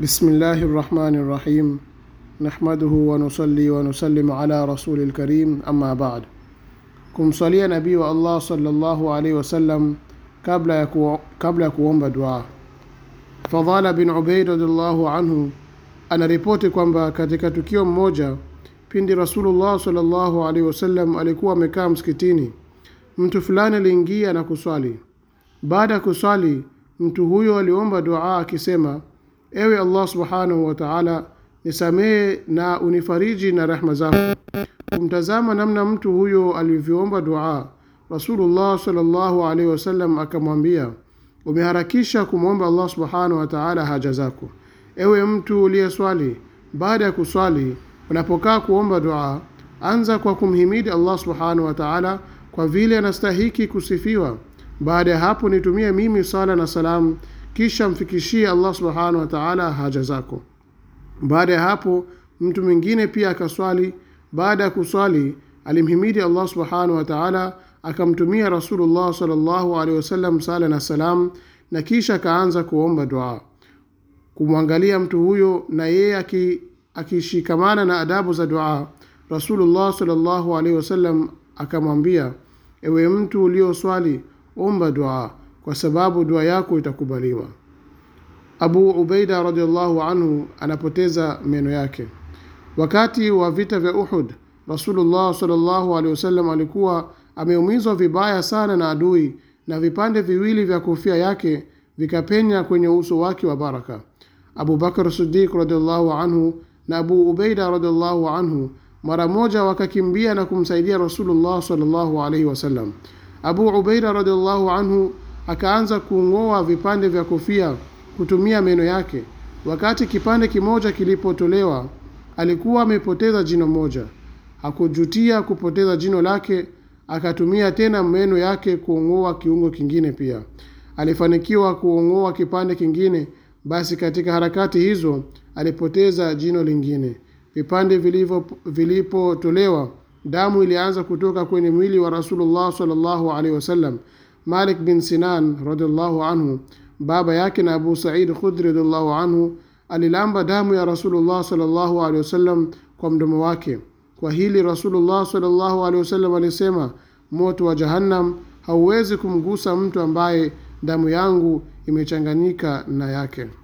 bismillahi rahmani rahim nahmaduhu wa nusalli ala rasuli lkarim amma ba'd. Kumswalia nabii wa Allah sallallahu alaihi wasallam kabla ya kabla ya kuomba dua. fadala bin Ubaid radhiallahu anhu anaripoti kwamba katika tukio mmoja, pindi Rasulullah sallallahu alaihi wasallam alikuwa amekaa msikitini, mtu fulani aliingia na kuswali. Baada ya kuswali, mtu huyo aliomba dua akisema ewe allah subhanahu wataala nisamehe na unifariji na rehma zako kumtazama namna mtu huyo alivyoomba duaa rasulullah sallallahu alaihi wasallam akamwambia umeharakisha kumwomba allah subhanahu wataala haja zako ewe mtu uliyeswali baada ya kuswali unapokaa kuomba duaa anza kwa kumhimidi allah subhanahu wa taala kwa vile anastahiki kusifiwa baada ya hapo nitumie mimi sala na salamu kisha mfikishie Allah subhanahu wa ta'ala haja zako. Baada ya hapo, mtu mwingine pia akaswali. Baada ya kuswali, alimhimidi Allah subhanahu wa ta'ala, akamtumia Rasulullah sallallahu alaihi wasallam sala na salam, na kisha akaanza kuomba dua kumwangalia mtu huyo, na yeye akishikamana na adabu za dua. Rasulullah sallallahu alaihi wasallam akamwambia, ewe mtu ulioswali, omba dua kwa sababu dua yako itakubaliwa. Abu Ubaida radhiallahu anhu anapoteza meno yake wakati wa vita vya Uhud. Rasulullah sallallahu alaihi wasallam alikuwa ameumizwa vibaya sana na adui, na vipande viwili vya kofia yake vikapenya kwenye uso wake wa baraka. Abu Bakar Siddiq radhiallahu anhu na Abu Ubaida radhiallahu anhu mara moja wakakimbia na kumsaidia Rasulullah sallallahu alaihi wasallam. Abu Ubaida radhiallahu anhu akaanza kung'oa vipande vya kofia kutumia meno yake. Wakati kipande kimoja kilipotolewa, alikuwa amepoteza jino moja. Hakujutia kupoteza jino lake, akatumia tena meno yake kuong'oa kiungo kingine. Pia alifanikiwa kuong'oa kipande kingine. Basi katika harakati hizo alipoteza jino lingine. Vipande vilivyo vilipotolewa, damu ilianza kutoka kwenye mwili wa Rasulullah sallallahu alaihi wasallam. Malik bin Sinan radhiallahu anhu, baba yake na Abu Said Khudri radhiallahu anhu, alilamba damu ya Rasulullah sallallahu alaihi wasallam kwa mdomo wake. Kwa hili Rasulullah sallallahu alaihi wasallam alisema, moto wa Jahannam hauwezi kumgusa mtu ambaye damu yangu imechanganyika na yake.